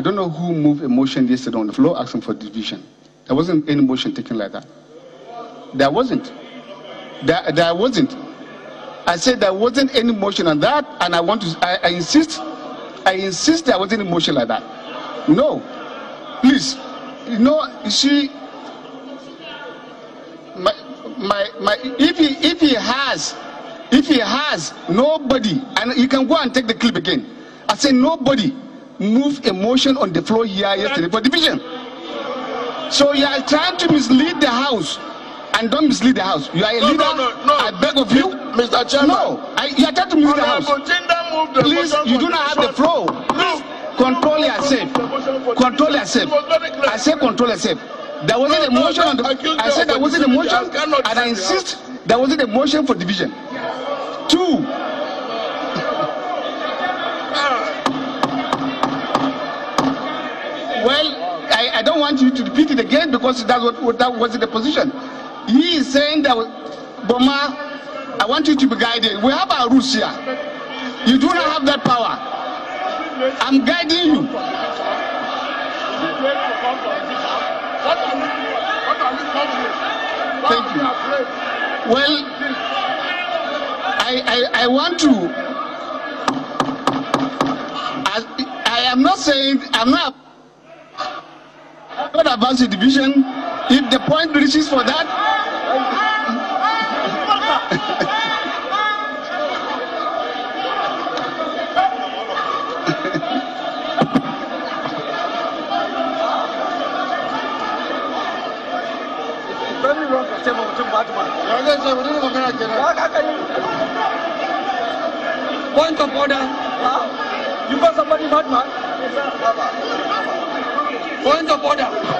I don't know who moved a motion yesterday on the floor asking for division. There wasn't any motion taken like that. There wasn't. There, there wasn't. I said there wasn't any motion on that, and I want to, I, I insist, I insist there wasn't any motion like that. No. Please. You know, she, my, my, my, if he, if he has, if he has nobody, and you can go and take the clip again. I say nobody move a motion on the floor here yesterday for division. So you are trying to mislead the House and don't mislead the House. You are a no, leader. No, no, no. I beg of you. Mr. Chairman. No, I, you are trying to mislead the House. The Please, you do not have the floor. Please control yourself. Control yourself. I say control yourself. There wasn't a motion on the. I said there wasn't a motion, and I insist there wasn't a motion for division. Two, Well, I, I, don't want you to repeat it again because that's what, that was the position. He is saying that, Boma, I want you to be guided. We have our rules here. You do not have that power. I'm guiding you. Thank you. Well, I, I, I want to. I, I am not saying, I'm not could advance division if the point reaches for that. Point of order. You got somebody bad man? Yes, sir. Point of border.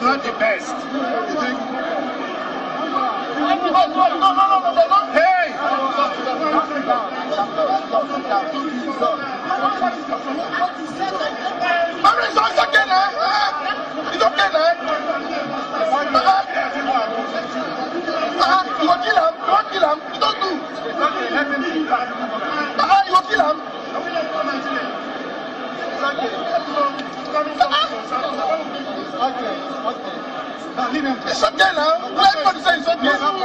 was not the best. Hey! It's okay now. Let God say it's okay.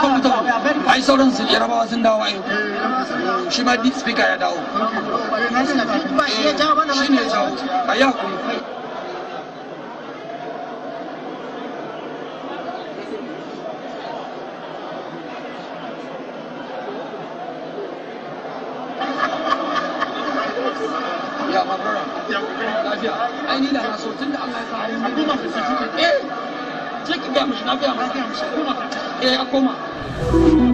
dukkan ai sauran su sun dawo ai shi ma deep speaker ya dawo shi ne jawo a yi hakuri Yeah, my brother. Yeah, yeah. I need a hassle. Didn't I? je ki gaya mishi na gaya masa eh, a koma